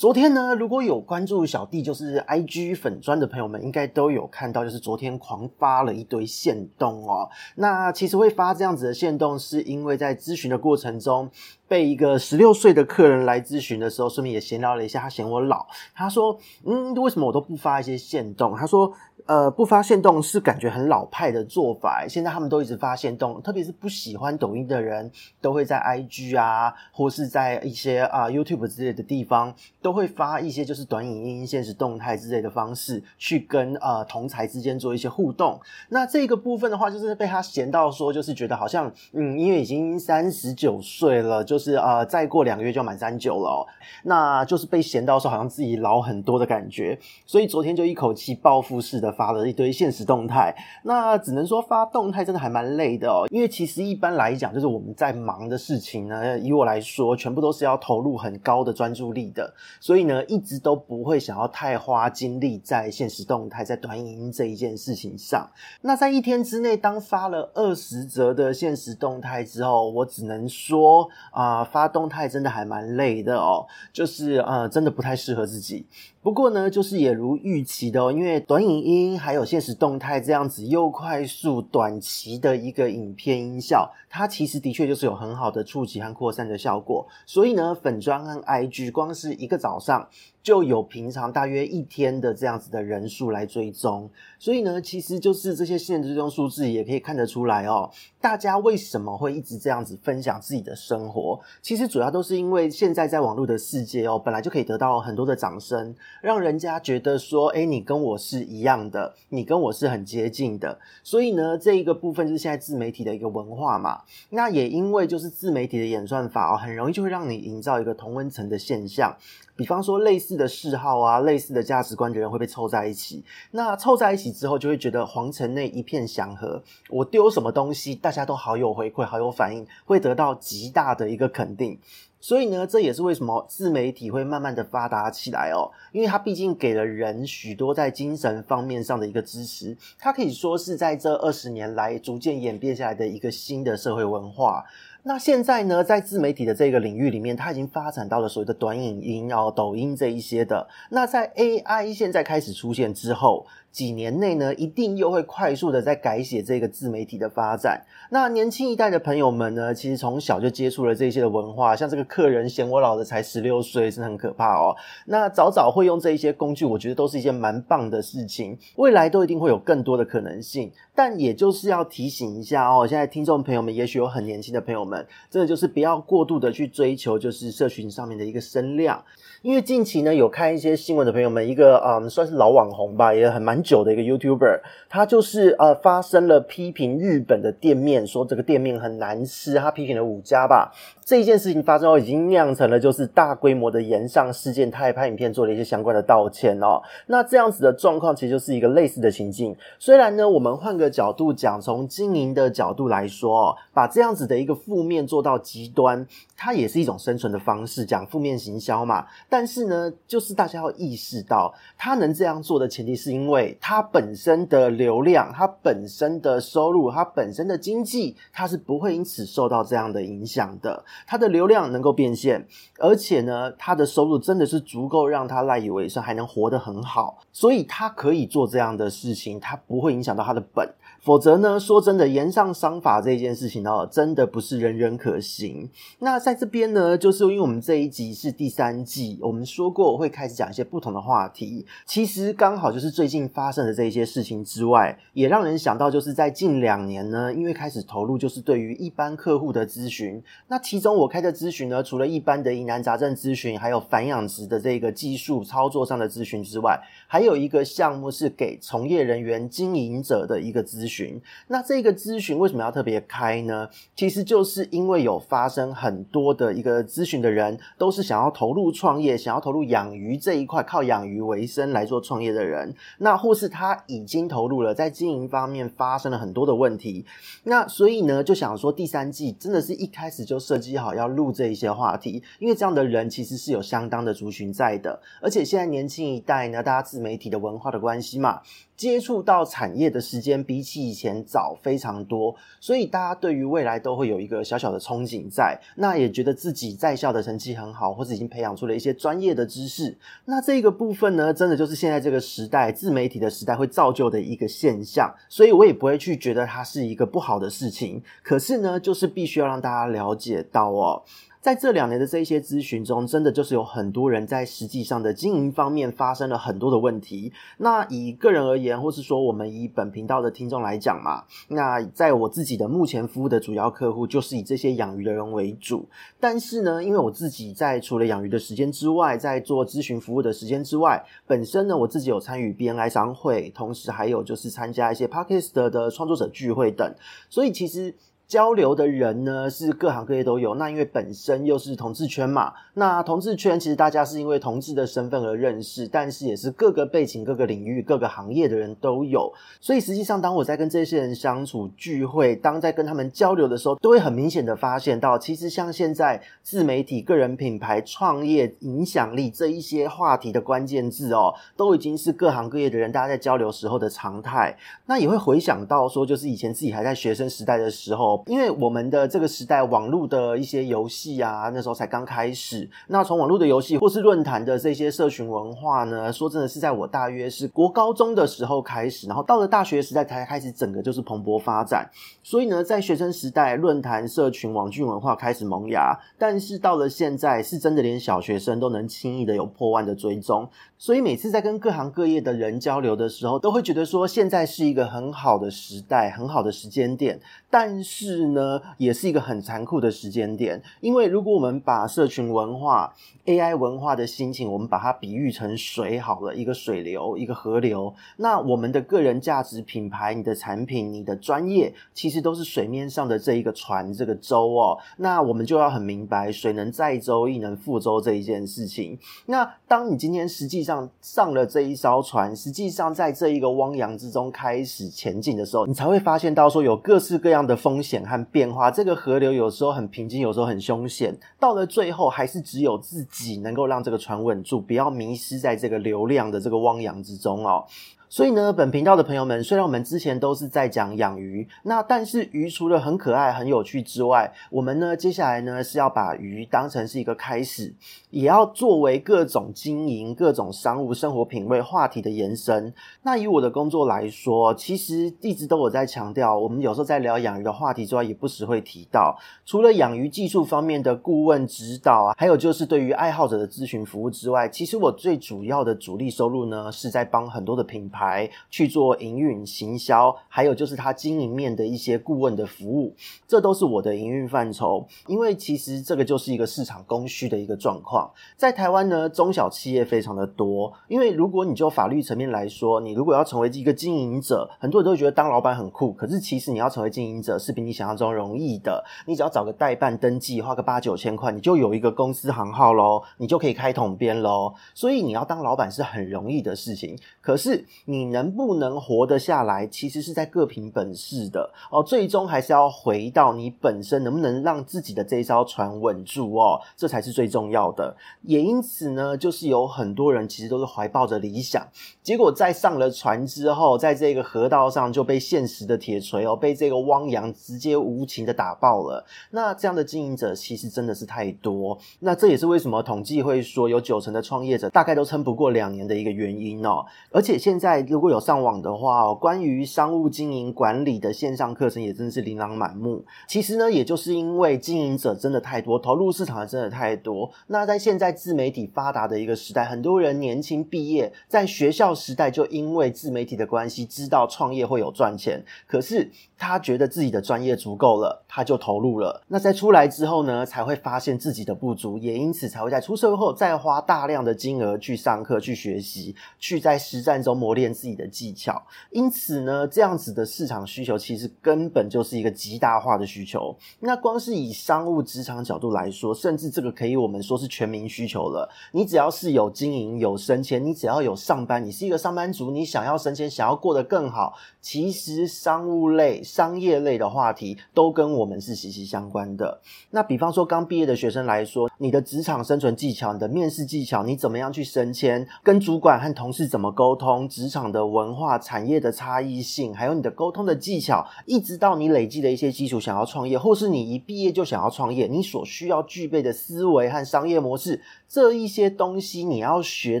昨天呢，如果有關注小弟就是 IG 粉專的朋友們，應該都有看到，就是昨天狂發了一堆限動哦。那其實會發這樣子的限動，是因為在諮詢的過程中，被一個十六歲的客人來諮詢的時候，順便也閒聊了一下，他嫌我老，他說：“嗯，為什麼我都不發一些限動？”他說。呃，不發現動是感覺很老派的做法。現在他們都一直發現動，特別是不喜歡抖音的人都會在 IG 啊，或是在一些啊、呃、YouTube 之類的地方，都會發一些就是短影音、現實動態之類的方式，去跟呃同才之間做一些互動。那這個部分的話，就是被他閒到說，就是覺得好像嗯，因為已經三十九歲了，就是呃再過兩個月就要滿三九了、哦，那就是被閒到說好像自己老很多的感覺。所以昨天就一口氣報復式的。發了一堆限時動態，那只能說發動態真的還蠻累的哦。因為其實一般來講，就是我們在忙的事情呢，以我來說，全部都是要投入很高的專注力的，所以呢，一直都不會想要太花精力在限時動態、在短影音這一件事情上。那在一天之內，當發了二十則的限時動態之後，我只能說啊、呃，發動態真的還蠻累的哦，就是啊、呃，真的不太適合自己。不過呢，就是也如預期的哦，因為短影音還有限時動態這樣子又快速、短期的一個影片音效，它其實的確就是有很好的觸及和擴散的效果。所以呢，粉專和 IG 光是一個早上。就有平常大約一天的這樣子的人數來追蹤，所以呢，其實就是這些追蹤數字也可以看得出來哦。大家為什麼會一直這樣子分享自己的生活？其實主要都是因為現在在網絡的世界哦，本來就可以得到很多的掌聲，讓人家覺得說，誒、欸，你跟我是一樣的，你跟我是很接近的。所以呢，這一個部分就是現在自媒體的一個文化嘛。那也因為就是自媒體的演算法哦，很容易就會讓你營造一個同溫層的現象。比方說類似的嗜好啊，類似的價值觀的人會被湊在一起。那湊在一起之後，就會覺得皇城內一片祥和。我丟什麼東西，大家都好有回饋，好有反應，會得到極大的一個肯定。所以呢，這也是為什麼自媒體會慢慢的發達起來哦，因為它畢竟給了人許多在精神方面上的一個支持。它可以說是在這二十年來逐漸演變下來的一個新的社會文化。那現在呢，在自媒體的這個領域裡面，它已經發展到了所謂的短影音啊、哦、抖音這一些的。那在 AI 現在開始出現之後，幾年內呢，一定又會快速的在改寫這個自媒體的發展。那年輕一代的朋友們呢，其實從小就接觸了這一些的文化，像這個客人嫌我老的才十六歲，是很可怕哦。那早早會用這一些工具，我覺得都是一件蠻棒的事情。未來都一定會有更多的可能性，但也就是要提醒一下哦，現在聽眾朋友們，也許有很年輕的朋友們，這就是不要過度的去追求就是社群上面的一個聲量，因為近期呢有看一些新聞的朋友們，一個嗯算是老網紅吧，也很蠻。久的一個 YouTuber，他就是呃、發生了批評日本的店面，說這個店面很難吃，他批評了五家吧。這一件事情發生後，已經釀成了就是大規模的炎上事件。他也拍影片做了一些相關的道歉哦。那這樣子的狀況其實就是一個類似的情境。雖然呢，我們換個角度講，從經營的角度來說，哦，把這樣子的一個負面做到極端，它也是一種生存的方式，講負面行銷嘛。但是呢，就是大家要意識到，他能這樣做的前提是因為。它本身的流量，它本身的收入，它本身的經濟，它是不會因此受到這樣的影響的。它的流量能夠變現，而且呢，它的收入真的是足夠讓他賴以為生，還能活得很好，所以他可以做這樣的事情，他不會影響到他的本，否則呢，說真的，嚴上商法這件事情呢、哦，真的不是人人可行。那在這邊呢，就是因為我們這一集是第三季，我們說過我會開始講一些不同的話題。其實剛好就是最近發生的這些事情之外，也讓人想到就是在近兩年呢，因為開始投入就是對於一般客戶的諮詢。那其中我開的諮詢呢，除了一般的疑難雜症諮詢，還有繁養殖的這個技術操作上的諮詢之外，還有一個項目是給從業人員、經營者的一個諮詢。詢。那這個諮詢為什麼要特別開呢？其實就是因為有發生很多的一個諮詢的人，都是想要投入創業、想要投入養魚這一塊，靠養魚為生來做創業的人。那或是他已經投入了，在經營方面發生了很多的問題。那所以呢，就想說第三季真的是一開始就設計好要錄這一些話題，因為這樣的人其實是有相當的族群在的，而且現在年輕一代呢，大家自媒體的文化的關係嘛。接觸到產業的時間比起以前早非常多，所以大家對於未來都會有一個小小的憧憬在，那也覺得自己在校的成績很好，或者已經培養出了一些專業的知識。那這個部分呢，真的就是現在這個時代自媒體的時代會造就的一個現象，所以我也不會去覺得它是一個不好的事情。可是呢，就是必須要讓大家了解到哦。在這兩年的這一些諮詢中，真的就是有很多人在實際上的經營方面發生了很多的問題。那以個人而言，或是說我們以本頻道的聽眾來講嘛，那在我自己的目前服務的主要客戶就是以這些養魚的人為主。但是呢，因為我自己在除了養魚的時間之外，在做諮詢服務的時間之外，本身呢，我自己有參與 BNI 商會，同時還有就是參加一些 Podcast 的創作者聚會等，所以其實。交流的人呢，是各行各業都有，那因為本身又是同志圈嘛，那同志圈其實大家是因為同志的身份而認識，但是也是各個背景、各個領域、各個行業的人都有，所以實際上當我在跟這些人相處、聚會，當在跟他們交流的時候，都會很明顯的發現到，其實像現在自媒體、個人品牌、創業、影響力這一些話題的關鍵字哦，都已經是各行各業的人大家在交流時候的常態，那也會回想到說，就是以前自己還在學生時代的時候。因為我們的這個時代，網絡的一些遊戲啊，那時候才剛開始。那從網絡的遊戲，或是論壇的這些社群文化呢，說真的是在我大約是國高中的時候開始，然後到了大學時代才開始整個就是蓬勃發展。所以呢，在學生時代，論壇社群網路文化開始萌芽，但是到了現在，是真的連小學生都能輕易的有破萬的追蹤。所以每次在跟各行各業的人交流的時候，都會覺得說現在是一個很好的時代，很好的時間點，但是呢，也是一個很殘酷的時間點。因為如果我們把社群文化、AI 文化的心情，我們把它比喻成水好了，一個水流，一個河流，那我們的個人價值、品牌、你的產品、你的專業，其實都是水面上的這一個船、這個舟哦。那我們就要很明白，水能載舟，亦能覆舟這一件事情。那當你今天實際上，像上了這一艘船，實際上在這一個汪洋之中開始前進的時候，你才會發現到說有各式各樣的風險和變化。這個河流有時候很平靜，有時候很凶險。到了最後，還是只有自己能夠讓這個船穩住，不要迷失在這個流量的這個汪洋之中哦。所以呢，本頻道的朋友們，雖然我們之前都是在講養魚，那但是魚除了很可愛、很有趣之外，我們呢接下來呢是要把魚當成是一個開始，也要作為各種經營、各種商務、生活品味話題的延伸。那以我的工作來說，其實一直都有在強調，我們有時候在聊養魚的話題之外，也不時會提到，除了養魚技術方面的顧問指導啊，還有就是對於愛好者的諮詢服務之外，其實我最主要的主力收入呢是在幫很多的品牌。還去做營運、行銷，還有就是他經營面的一些顧問的服務，這都是我的營運範疇。因為其實這個就是一個市場供需的一個狀況，在台灣呢，中小企業非常的多。因為如果你就法律層面來說，你如果要成為一個經營者，很多人都會覺得當老板很酷，可是其實你要成為經營者是比你想象中容易的。你只要找個代辦登記，花個八九千塊，你就有一個公司行號嘍，你就可以開統編嘍。所以你要當老板是很容易的事情，可是。你能不能活得下來，其實是在各憑本事的哦。最終還是要回到你本身能不能讓自己的這一艘船穩住哦，這才是最重要的。也因此呢，就是有很多人其實都是懷抱着理想，結果在上了船之後，在這個河道上就被現實的鐵錘哦，被這個汪洋直接無情的打爆了。那這樣的經營者其實真的是太多。那這也是為什麼統計會說有九成的創業者大概都撐不過兩年的一個原因哦。而且現在。如果有上網的話哦，關於商務經營管理的線上課程也真的是琳琅滿目。其實呢，也就是因為經營者真的太多，投入市場的真的太多。那在現在自媒體發達的一個時代，很多人年輕畢業，在學校時代就因為自媒體的關係，知道創業會有賺錢。可是他覺得自己的專業足夠了，他就投入了。那在出來之後呢，才會發現自己的不足，也因此才會在出社會後再花大量的金額去上課、去學習、去在實戰中磨練。自己的技巧。因此呢，這樣子的市場需求其實根本就是一個極大化的需求。那光是以商務職場角度來說，甚至這個可以我們說是全民需求了。你只要是有經營、有升遷，你只要有上班，你是一個上班族，你想要升遷、想要過得更好，其實商務類、商業類的話題都跟我們是息息相關的。那比方說，剛畢業的學生來說，你的職場生存技巧、你的面試技巧，你怎麼樣去升遷，跟主管和同事怎麼溝通，職市場的文化產業的差異性，還有你的溝通的技巧，一直到你累積的一些基礎，想要創業，或是你一畢業就想要創業，你所需要具備的思維和商業模式。這一些東西你要學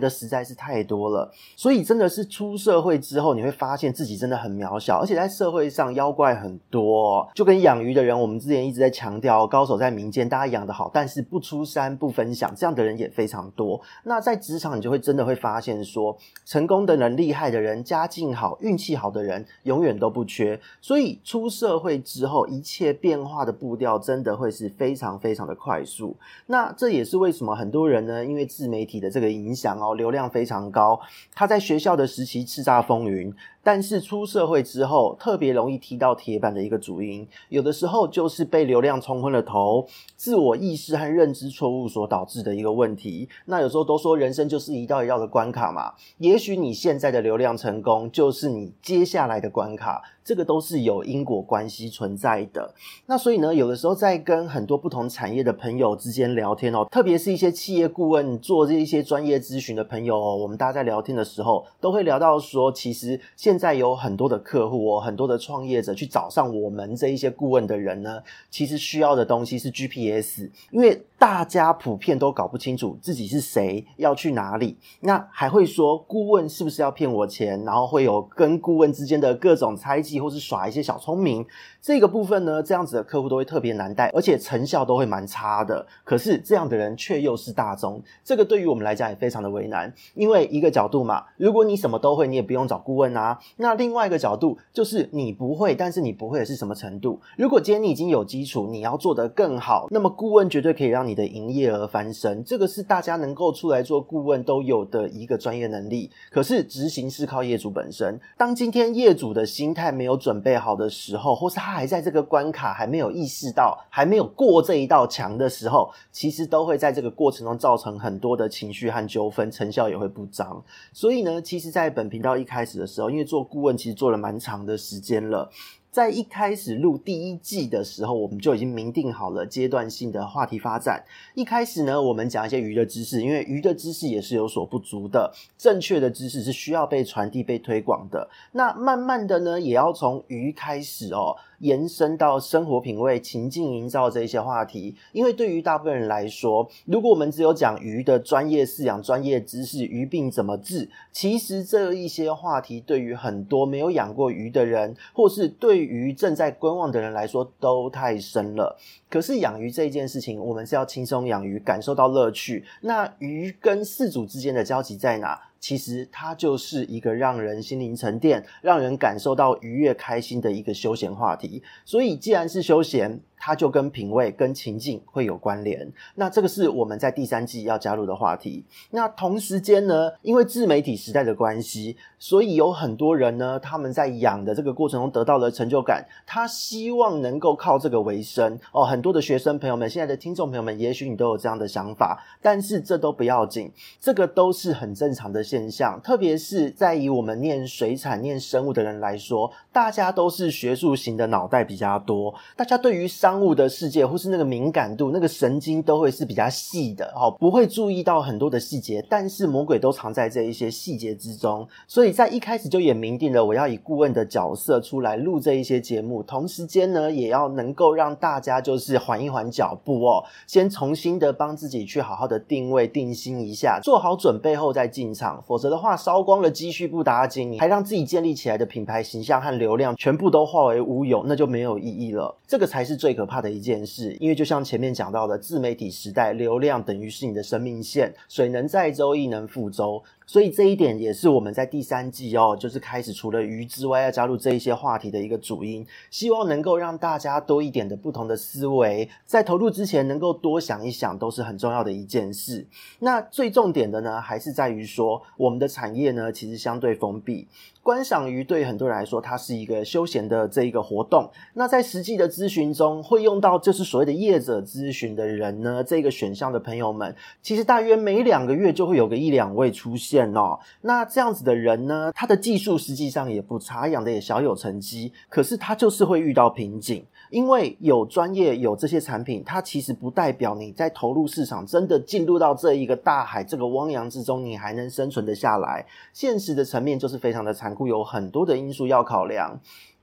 的實在是太多了，所以真的是出社會之後，你會發現自己真的很渺小，而且在社會上妖怪很多。就跟養魚的人，我們之前一直在強調，高手在民間，大家養的好，但是不出山不分享，這樣的人也非常多。那在職場，你就會真的會發現說，成功的人、厲害的人、家境好、運氣好的人，永遠都不缺。所以出社會之後，一切變化的步調真的會是非常非常的快速。那這也是為什麼很多人呢？因為自媒體的這個影響哦，流量非常高。他在學校的時期叱吒風雲，但是出社會之後，特別容易踢到鐵板的一個主因，有的時候就是被流量沖昏了頭，自我意識和認知錯誤所導致的一個問題。那有時候都說人生就是一道一道的關卡嘛，也許你現在的流量成功，就是你接下來的關卡。這個都是有因果關係存在的。那所以呢，有的時候在跟很多不同產業的朋友之間聊天哦，特別是一些企業顧問做這一些專業諮詢的朋友哦，我們大家在聊天的時候，都會聊到說，其實現在有很多的客戶哦，很多的創業者去找上我們這一些顧問的人呢，其實需要的東西是 GPS，因為。大家普遍都搞不清楚自己是誰，要去哪裡，那還會說顧問是不是要騙我錢，然後會有跟顧問之間的各種猜忌，或是耍一些小聰明。這個部分呢，這樣子的客戶都會特別難帶，而且成效都會蠻差的。可是這樣的人卻又是大眾，這個對於我們來講也非常的為難。因為一個角度嘛，如果你什麼都會，你也不用找顧問啊。那另外一個角度就是你不會，但是你不會是什麼程度？如果今天你已經有基礎，你要做得更好，那麼顧問絕對可以讓你，你的營業額翻身，這個是大家能夠出來做顧問都有的一個專業能力。可是執行是靠業主本身。當今天業主的心態沒有準備好的時候，或是他還在這個關卡還沒有意識到、還沒有過這一道牆的時候，其實都會在這個過程中造成很多的情緒和糾紛，成效也會不彰。所以呢，其實在本頻道一開始的時候，因為做顧問其實做了蠻長的時間了。在一開始錄第一季的時候，我們就已經明定好了階段性的話題發展。一開始呢，我們講一些魚的知識，因為魚的知識也是有所不足的，正確的知識是需要被傳遞、被推廣的。那慢慢的呢，也要從魚開始哦。延伸到生活品味、情境營造這一些話題，因為對於大部分人來說，如果我們只有講魚的專業飼養專業知識、魚病怎麼治，其實這一些話題對於很多沒有養過魚的人，或是對於正在觀望的人來說，都太深了。可是養魚這一件事情，我們是要輕鬆養魚，感受到樂趣。那魚跟飼主之間的交集在哪？其實它就是一個讓人心靈沉澱、讓人感受到愉悅開心的一個休閒話題。所以，既然是休閒，它就跟品味、跟情境會有關聯。那這個是我們在第三季要加入的話題。那同時間呢，因為自媒體時代的關係，所以有很多人呢，他們在養的這個過程中得到了成就感，他希望能夠靠這個為生。哦，很多的學生朋友們、現在的聽眾朋友們，也許你都有這樣的想法，但是這都不要緊，這個都是很正常的現象。特別是在以我們念水產、念生物的人來說，大家都是學術型的腦袋比較多，大家對於商務的世界，或是那個敏感度，那個神經都會是比較細的，好，不會注意到很多的細節。但是魔鬼都藏在這一些細節之中，所以在一開始就也明定了，我要以顧問的角色出來錄這一些節目，同時間呢，也要能夠讓大家就是緩一緩腳步哦，先重新的幫自己去好好的定位，定心一下，做好準備後再進場。否則的話，燒光了積蓄不打緊，還讓自己建立起來的品牌形象和流量全部都化為烏有，那就沒有意義了。這個才是最可怕的一件事，因為就像前面講到的，自媒體時代，流量等於是你的生命線，水能載舟，亦能覆舟。所以這一點也是我們在第三季哦，就是開始除了魚之外要加入這一些話題的一個主因，希望能夠讓大家多一點的不同的思維，在投入之前能夠多想一想，都是很重要的一件事。那最重點的呢，還是在於說，我們的產業呢其實相對封閉，觀賞魚對很多人來說，它是一個休閒的這一個活動。那在實際的諮詢中，會用到就是所謂的業者諮詢的人呢，這個選項的朋友們，其實大約每兩個月就會有個一兩位出現。哦，那這樣子的人呢，他的技術實際上也不差，養得也小有成績，可是他就是會遇到瓶頸。因為有專業有這些產品，它其實不代表你在投入市場，真的進入到這一個大海這個汪洋之中，你還能生存得下來。現實的層面就是非常的殘酷，有很多的因素要考量。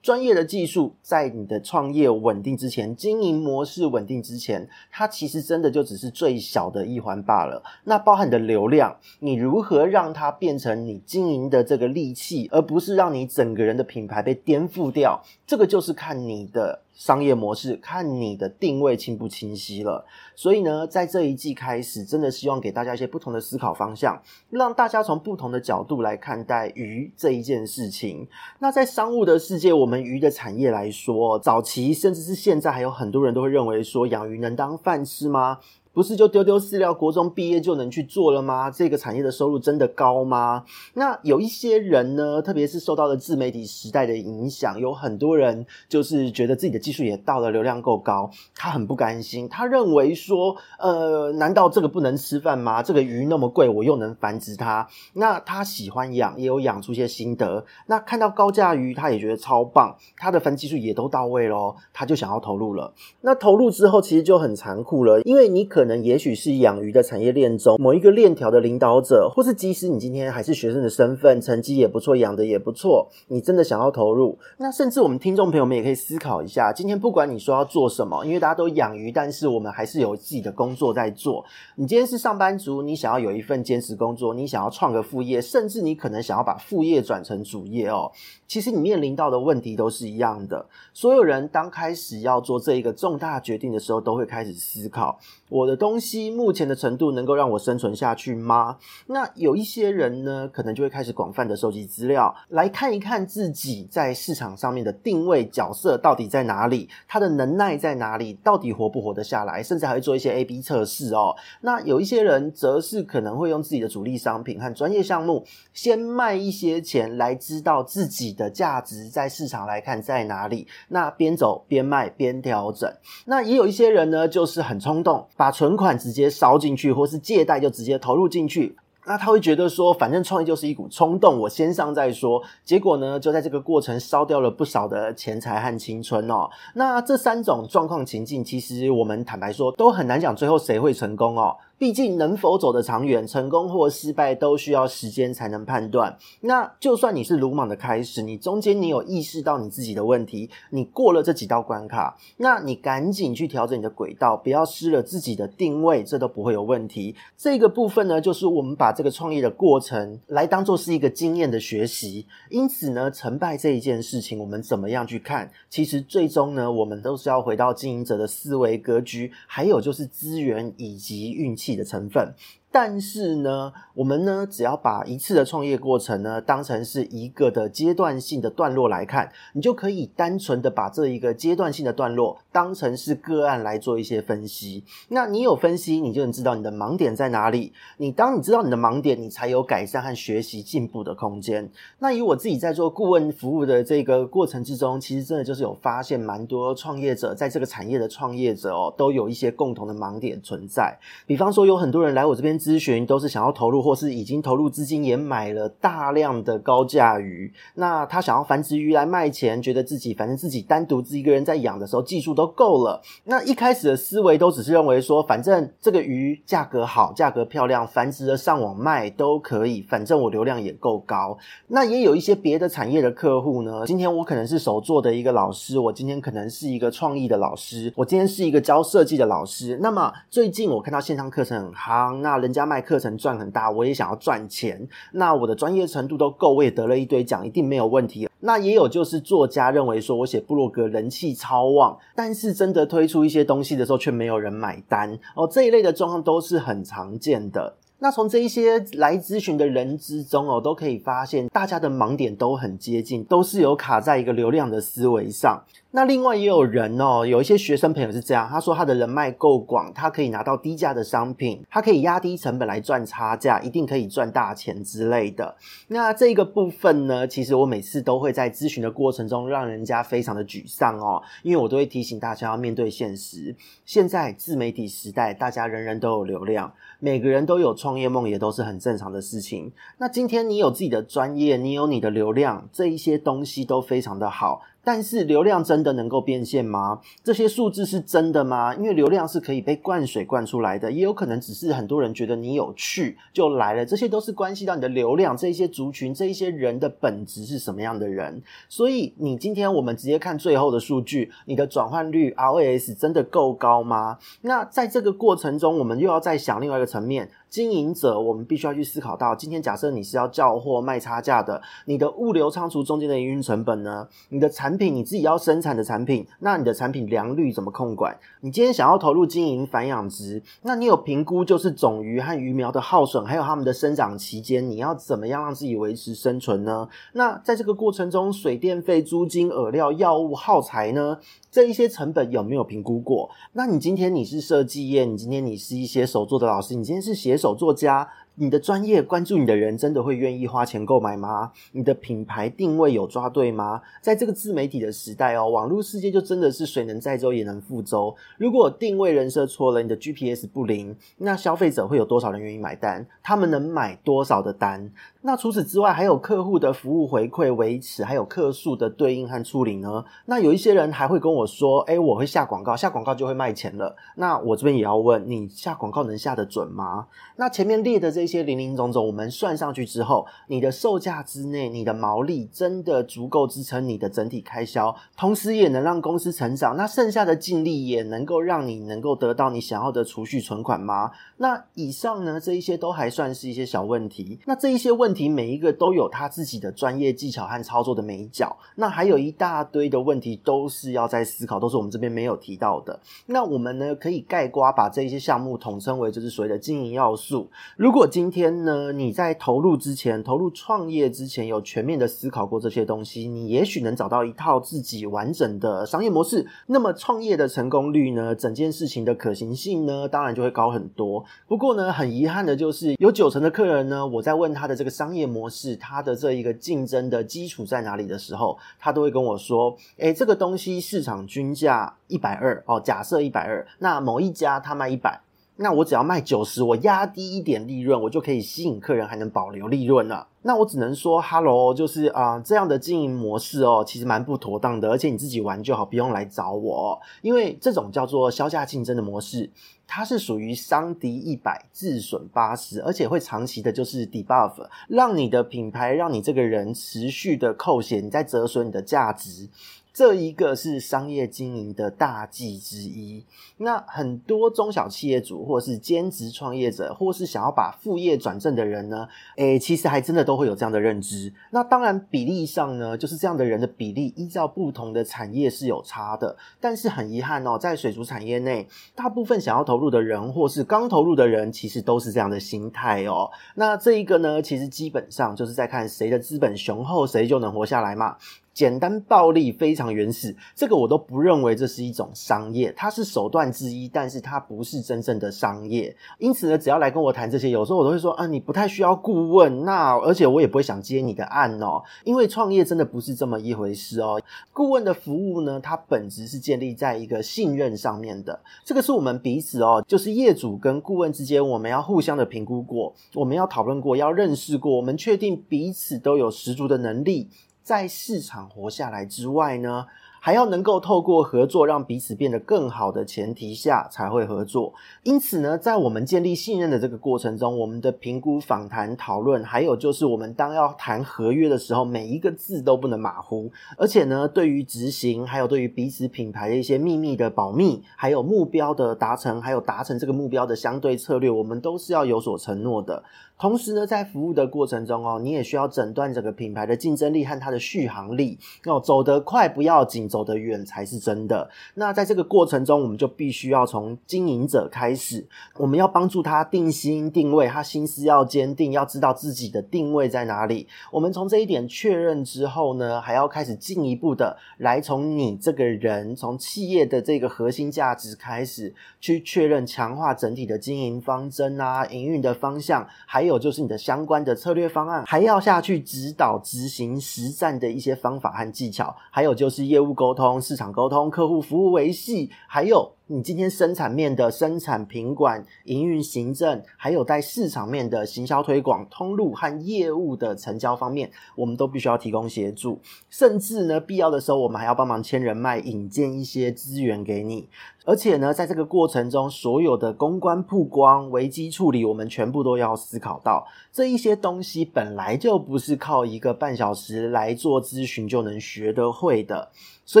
專業的技術在你的創業穩定之前，經營模式穩定之前，它其實真的就只是最小的一環罷了。那包含的流量，你如何讓它變成你經營的這個利器，而不是讓你整個人的品牌被顛覆掉？這個就是看你的。商業模式看你的定位清不清晰了，所以呢，在這一季開始，真的希望給大家一些不同的思考方向，讓大家從不同的角度來看待魚這一件事情。那在商務的世界，我們魚的產業來說，早期甚至是現在，還有很多人都會認為說，養魚能當飯吃嗎？不是就丟丟飼料，國中畢業就能去做了嗎？這個產業的收入真的高嗎？那有一些人呢，特別是受到了自媒體時代的影響，有很多人就是覺得自己的技術也到了，流量夠高，他很不甘心。他認為說，呃，難道這個不能吃飯嗎？這個魚那麼貴，我又能繁殖它。那他喜歡養，也有養出些心得。那看到高價魚，他也覺得超棒。他的繁殖技術也都到位嘍，他就想要投入了。那投入之後，其實就很殘酷了，因為你可可能也許是養魚的產業鏈中某一個鏈條的領導者，或是即使你今天還是學生的身份，成績也不錯，養的也不錯，你真的想要投入？那甚至我們聽眾朋友們也可以思考一下，今天不管你說要做什麼，因為大家都養魚，但是我們還是有自己的工作在做。你今天是上班族，你想要有一份兼職工作，你想要創個副業，甚至你可能想要把副業轉成主業哦。其實你面臨到的問題都是一樣的。所有人當開始要做這一個重大決定的時候，都會開始思考我。的東西目前的程度能夠讓我生存下去嗎？那有一些人呢，可能就會開始廣泛的收集資料，來看一看自己在市場上面的定位角色到底在哪裡，他的能耐在哪裡，到底活不活得下來？甚至還會做一些 AB 測試哦。那有一些人則是可能會用自己的主力商品和專業項目，先賣一些錢來知道自己的價值在市場來看在哪裡。那邊走邊賣邊調整。那也有一些人呢，就是很衝動把。存款直接燒進去，或是借貸就直接投入進去，那他會覺得說，反正創業就是一股衝動，我先上再說。結果呢，就在這個過程燒掉了不少的錢財和青春哦。那這三種狀況情境，其實我們坦白說，都很難講最後誰會成功哦。畢竟能否走得長遠，成功或失敗都需要時間才能判斷。那就算你是魯莽的開始，你中間你有意識到你自己的問題，你過了這幾道關卡，那你趕緊去調整你的軌道，不要失了自己的定位，這都不會有問題。這個部分呢，就是我們把這個創業的過程來當作是一個經驗的學習。因此呢，成敗這一件事情，我們怎麼樣去看？其實最終呢，我們都是要回到經營者的思維格局，還有就是資源以及運氣的成分。但是呢，我們呢，只要把一次的創業過程呢，當成是一個的階段性的段落來看，你就可以單純的把這一個階段性的段落當成是個案來做一些分析。那你有分析，你就能知道你的盲點在哪裡。你當你知道你的盲點，你才有改善和學習進步的空間。那以我自己在做顧問服務的這個過程之中，其實真的就是有發現蠻多創業者在這個產業的創業者哦，都有一些共同的盲點存在。比方說，有很多人來我這邊。諮詢都是想要投入，或是已經投入資金，也買了大量的高價魚。那他想要繁殖魚來賣錢，覺得自己反正自己單獨自一個人在養的時候技術都夠了。那一開始的思維都只是認為說，反正這個魚價格好，價格漂亮，繁殖了上網賣都可以，反正我流量也夠高。那也有一些別的產業的客戶呢。今天我可能是手做的一個老師，我今天可能是一個創意的老師，我今天是一個教設計的老師。那麼最近我看到線上課程很夯，那人。人家賣課程賺很大，我也想要賺錢。那我的專業程度都夠，我也得了一堆獎，一定沒有問題。那也有就是作家認為說我寫部落格人氣超旺，但是真的推出一些東西的時候卻沒有人買單哦，這一類的狀況都是很常見的。那從這一些來諮詢的人之中哦，都可以發現，大家的盲點都很接近，都是有卡在一個流量的思維上。那另外也有人哦，有一些學生朋友是這樣，他說他的人脈夠廣，他可以拿到低價的商品，他可以壓低成本來賺差價，一定可以賺大錢之類的。那這個部分呢，其實我每次都會在諮詢的過程中，讓人家非常的沮喪哦，因為我都會提醒大家要面對現實。現在自媒體時代，大家人人都有流量。每個人都有創業夢，也都是很正常的事情。那今天你有自己的專業，你有你的流量，這一些東西都非常的好。但是流量真的能夠變現嗎？這些數字是真的嗎？因為流量是可以被灌水灌出來的，也有可能只是很多人覺得你有趣就來了，這些都是關係到你的流量，這一些族群，這一些人的本質是什麼樣的人？所以你今天我們直接看最後的數據，你的轉換率 R O S 真的夠高嗎？那在這個過程中，我們又要再想另外一個層面。經營者，我們必須要去思考到，今天假設你是要叫貨賣差價的，你的物流倉儲中間的營運成本呢？你的產品，你自己要生產的產品，那你的產品良率怎麼控管？你今天想要投入經營繁養殖，那你有評估就是種魚和魚苗的耗損，還有它們的生長期間，你要怎麼樣讓自己維持生存呢？那在這個過程中，水電費、租金、餌料、藥物、耗材呢？這一些成本有沒有評估過？那你今天你是設計業，你今天你是一些手作的老師，你今天是寫手作家。你的專業關注你的人真的會願意花錢購買嗎？你的品牌定位有抓對嗎？在這個自媒體的時代哦，網絡世界就真的是水能載舟也能覆舟。如果定位人設錯了，你的 GPS 不靈，那消費者會有多少人願意買單？他們能買多少的單？那除此之外，還有客戶的服務回饋、維持，還有客訴的對應和處理呢？那有一些人還會跟我說：“誒、欸，我會下廣告，下廣告就會賣錢了。”那我這邊也要問你：下廣告能下得準嗎？那前面列的這。這些林林總總，我們算上去之後，你的售價之內，你的毛利真的足夠支撐你的整體開銷，同時也能讓公司成長？那剩下的淨利也能夠讓你能夠得到你想要的儲蓄存款嗎？那以上呢，這一些都還算是一些小問題。那這一些問題每一個都有他自己的專業技巧和操作的眉角。那還有一大堆的問題都是要在思考，都是我們這邊沒有提到的。那我們呢，可以概括把這一些項目統稱為就是所謂的經營要素。如果今天呢，你在投入之前，投入創業之前，有全面的思考過這些東西，你也許能找到一套自己完整的商業模式。那麼創業的成功率呢，整件事情的可行性呢，當然就會高很多。不過呢，很遺憾的就是，有九成的客人呢，我在問他的這個商業模式，他的這一個競爭的基礎在哪裡的時候，他都會跟我說：“誒，這個東西市場均價一百二哦，假設一百二，那某一家他賣一百。”那我只要賣九十，我壓低一點利潤，我就可以吸引客人，還能保留利潤了。那我只能說，Hello，就是啊、呃，這樣的經營模式哦、喔，其實蠻不妥當的。而且你自己玩就好，不用來找我、喔。因為這種叫做削價競爭的模式，它是屬於傷敵一百，自損八十，而且會長期的，就是 debuff，讓你的品牌，讓你這個人持續的扣血，你在折損你的價值。這一個是商業經營的大忌之一。那很多中小企業主，或是兼職創業者，或是想要把副業轉正的人呢，誒、欸，其實還真的都會有這樣的認知。那當然，比例上呢，就是這樣的人的比例，依照不同的產業是有差的。但是很遺憾哦，在水族產業內，大部分想要投入的人，或是剛投入的人，其實都是這樣的心態哦。那這一個呢，其實基本上就是在看誰的資本雄厚，誰就能活下來嘛。簡單暴力，非常原始，這個我都不認為這是一種商業，它是手段之一，但是它不是真正的商業。因此呢，只要來跟我談這些，有時候我都會說啊，你不太需要顧問，那而且我也不會想接你的案哦，因為創業真的不是這麼一回事哦。顧問的服務呢，它本質是建立在一個信任上面的，這個是我們彼此哦，就是業主跟顧問之間，我們要互相的評估過，我們要討論過，要認識過，我們確定彼此都有十足的能力，在市場活下來之外呢，還要能夠透過合作讓彼此變得更好的前提下才會合作。因此呢，在我們建立信任的這個過程中，我們的評估、訪談、討論，還有就是我們當要談合約的時候，每一個字都不能馬虎。而且呢，對於執行，還有對於彼此品牌的一些秘密的保密，還有目標的達成，還有達成這個目標的相對策略，我們都是要有所承諾的。同時呢，在服務的過程中哦，你也需要診斷整個品牌的競爭力和它的續航力。要走得快不要緊。走得遠才是真的。那在這個過程中，我們就必須要從經營者開始，我們要幫助他定心定位，他心思要堅定，要知道自己的定位在哪裡。我們從這一點確認之後呢，還要開始進一步的來從你這個人，從企業的這個核心價值開始去確認、強化整體的經營方針啊、營運的方向，還有就是你的相關的策略方案，還要下去指導執行實戰的一些方法和技巧，還有就是業務。溝通、市場溝通、客戶服務維繫，還有，你今天生產面的生產、品管、營運、行政，還有在市場面的行銷推廣通路和業務的成交方面，我們都必須要提供協助。甚至呢，必要的時候，我們還要幫忙牽人脈、引薦一些資源給你。而且呢，在這個過程中，所有的公關曝光、危機處理，我們全部都要思考到。這一些東西本來就不是靠一個半小時來做諮詢就能學得會的，所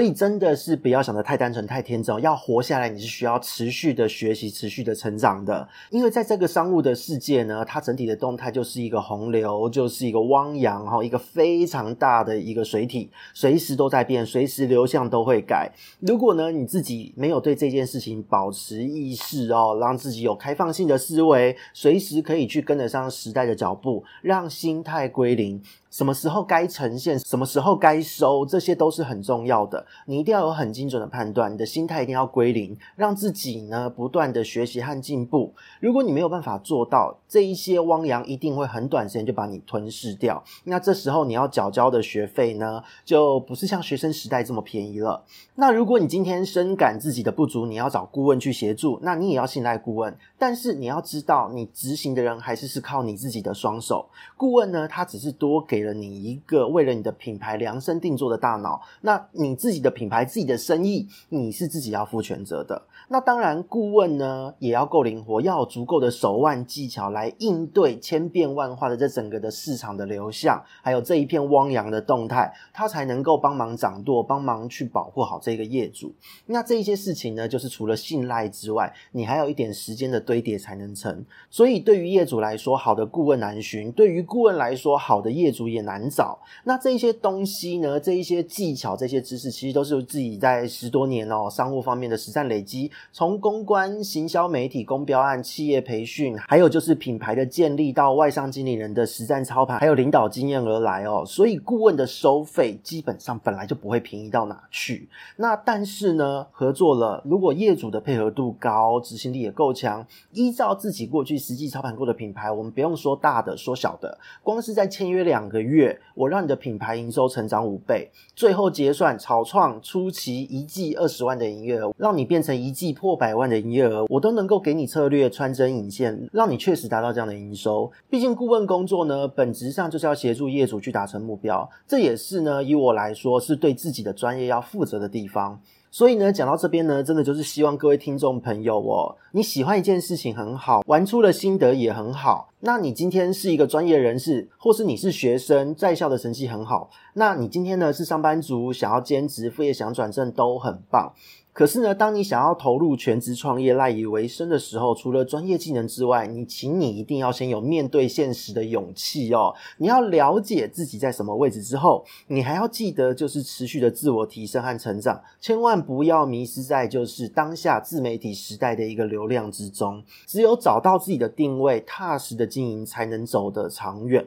以真的是不要想得太單純、太天真。要活下來，你。是需要持續的學習、持續的成長的，因為在這個商務的世界呢，它整體的動態就是一個洪流，就是一個汪洋哈，一個非常大的一個水體，隨時都在變，隨時流向都會改。如果呢，你自己沒有對這件事情保持意識哦，讓自己有開放性的思維，隨時可以去跟得上時代的腳步，讓心態歸零。什麼時候該呈現，什麼時候該收，這些都是很重要的。你一定要有很精準的判斷，你的心態一定要歸零，讓自己呢不斷的學習和進步。如果你沒有辦法做到這一些，汪洋一定會很短時間就把你吞噬掉。那這時候你要繳交的學費呢，就不是像學生時代這麼便宜了。那如果你今天深感自己的不足，你要找顧問去協助，那你也要信賴顧問，但是你要知道，你執行的人還是是靠你自己的雙手。顧問呢，他只是多給。給了你一個為了你的品牌量身定做的大腦，那你自己的品牌、自己的生意，你是自己要負全責的。那當然，顧問呢也要夠靈活，要有足夠的手腕技巧來應對千變萬化的這整個的市場的流向，還有這一片汪洋的動態，他才能夠幫忙掌舵，幫忙去保護好這個業主。那這一些事情呢，就是除了信賴之外，你還有一點時間的堆疊才能成。所以，對於業主來說，好的顧問難尋；對於顧問來說，好的業主。也難找。那這些東西呢，這一些技巧、這些知識，其實都是自己在十多年哦商務方面的實戰累積，從公關、行銷、媒體、公標案、企業培訓，還有就是品牌的建立到外商經理人的實戰操盤，還有領導經驗而來哦。所以顧問的收費基本上本來就不會便宜到哪去。那但是呢，合作了，如果業主的配合度高，執行力也夠強，依照自己過去實際操盤過的品牌，我們不用說大的，說小的，光是在簽約兩個月。月，我讓你的品牌營收成長五倍，最後結算草創初期一季二十萬的營業額，讓你變成一季破百萬的營業額，我都能夠給你策略穿針引線，讓你確實達到這樣的營收。畢竟顧問工作呢，本質上就是要協助業主去達成目標，這也是呢，以我來說是對自己的專業要負責的地方。所以呢，講到這邊呢，真的就是希望各位聽眾朋友哦，你喜歡一件事情很好，玩出了心得也很好。那你今天是一個專業人士，或是你是學生，在校的成績很好，那你今天呢是上班族，想要兼職副業想轉正，都很棒。可是呢，當你想要投入全職創業、賴以為生的時候，除了專業技能之外，你，請你一定要先有面對現實的勇氣哦。你要了解自己在什麼位置之後，你還要記得就是持續的自我提升和成長，千萬不要迷失在就是當下自媒體時代的一個流量之中。只有找到自己的定位，踏實的經營，才能走得長遠。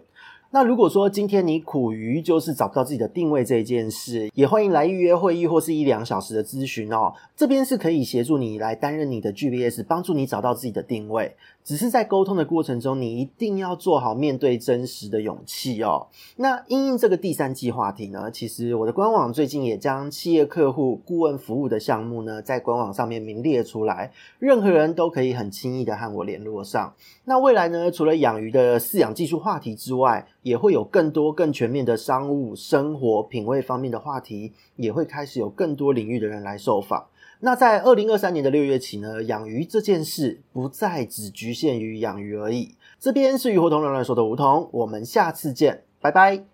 那如果說今天你苦於就是找不到自己的定位這一件事，也歡迎來預約會議或是一兩小時的諮詢哦。這邊是可以協助你來擔任你的 GPS，幫助你找到自己的定位。只是在溝通的過程中，你一定要做好面對真實的勇氣哦。那因應這個第三季話題呢，其實我的官網最近也將企業客戶顧問服務的項目呢，在官網上面名列出來，任何人都可以很輕易的和我聯絡上。那未來呢，除了養魚的飼養技術話題之外，也會有更多更全面的商務、生活、品味方面的話題，也會開始有更多領域的人來受訪。那在二零二三年的六月起呢，養魚這件事不再只局限於養魚而已。這邊是魚活通亂亂說的梧桐，我們下次見，拜拜。